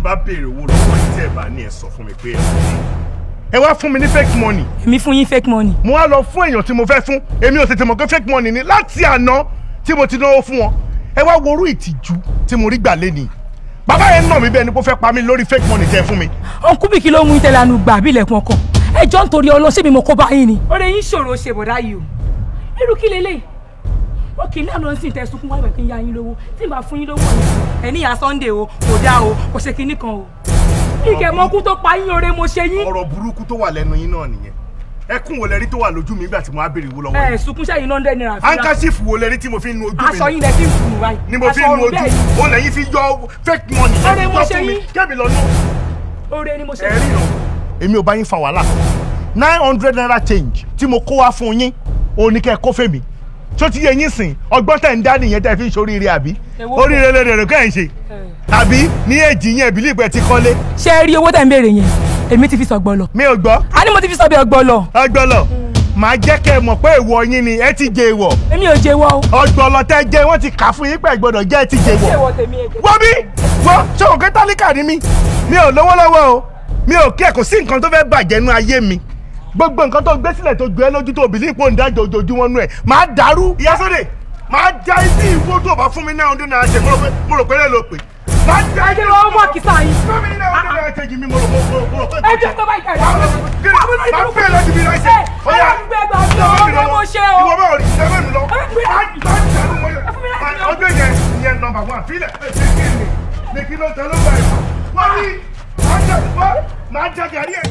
tí bá béèrè owó lọ́wọ́ tí ẹ bá ní ẹ sọ fún mi pé ẹ fún mi ẹ wá fún mi ní fake money. èmi fún yín fake money. mo wá lọ fún èèyàn tí mo fẹ́ fún èmi ò tètè mọ̀ pé fake money ni láti àná tí mo ti náwó fún wọn ẹ wá worú ìtìjú tí mo rí gbà lẹ́nìí bàbá yẹn nà mí bẹ́ẹ̀ ni kò fẹ́ pa mí lórí fake money tẹ́ fún mi. ọkùn bí kí ló mú ìtẹ̀lẹ̀ àánú gbà bí ilẹ̀kùn ọkọ̀ ẹ jọ ọlọ́sẹ̀ mi mo kó bá yín ni. ọ̀rẹ́ yín ṣòro ṣe bọ̀dá yìí o irú kí lélẹ́yìí ó kì í lẹ́nu ló ń sunkún wáyé kí n ya yín lówó tí n bá fún yín lówó ẹ̀ níyà Sunday o kò dáa o kò ṣe kinní kan o. ìkẹ́ mọ́kú tó pa yín oore mo ṣe yín. ọ̀rọ̀ burúkú tó wà lẹ́nu yín náà nìyẹn ẹkún wo lẹrí tó wà lójú mi nígbà tí mo á béèrè wo lọ́wọ́ yìí. ẹ sunkún sẹ́yìn náà ń dẹ́ nira. wo lẹrí tí mo fi nu ojú mi. aṣọ yín lẹ fi ń fún mi wáyé. ni mo fi nu ojú o lẹ́yìn fi yọ fake money. ọ̀rẹ́ mo ṣe yín kẹ́mi lọ nù. ọ̀rẹ́ ni mo ṣe yín. èmi ò bá yín fa wàhálà nine hundred naira change tí mo kó wá fún yín òun ni kẹ́ ẹ kó fèmí tó ti yẹ yín sìn ọgbọ́n tẹ̀ ń dá nìyẹn tẹ́ fi ń ṣoríire àbí oríire lèrè kẹ́ ẹ̀ ń ṣe àbí ní èjì yẹn ìbílẹ̀ ìgbẹ́ ti kọ́lé. ṣé ẹ rí owó tẹ̀ ń béèrè yẹn èmi ti fi sọ̀gbọ́n lọ. mi ò gbọ́. a ní mo ti fi sọ̀bẹ̀ ọgbọ́n lọ. ọgbọ́n lọ màá jẹ́ kẹ́ ẹ mọ̀ pé èèwọ̀ yín ni ẹ ti jẹ èèwọ̀. èmi ò jẹ wọ o. ọgbọ́n lọ tẹ́ jẹ wọ́n ti kà fún yín pé gbọ́dọ̀ jẹ́ ẹ ti jẹ èèwọ̀. wọ́n bí wọ́n ṣé òkè tálíkà ni mí mi ò lówó lọ́wọ́ o mi ò kí ẹ̀ kò sí nǹkan tó fẹ́ bàjẹ́ nú ayé mi gbogbo nǹkan tó gbé sílẹ̀ tó gbé lójú tó bìlí ìpò ìdájọ́ ojoojúmọ́ nú ẹ̀ máa dàrú. ìyá sọ́dẹ̀ máa já ibi ìwó tó bá fún mi náà ọdún náà ṣe mo rò pé lè lo pè. máa já ibi ìwó tó bá fún mi náà ọdún náà ṣe mo rò pé. ẹ jẹ́ tó ìkà yà wọ́n. máa fẹ́ lọ́dún mi náà ṣe. ó yà ìwọ bá rí ìwọ lọ. ọdún yẹn máa jẹ́ àrí ẹ̀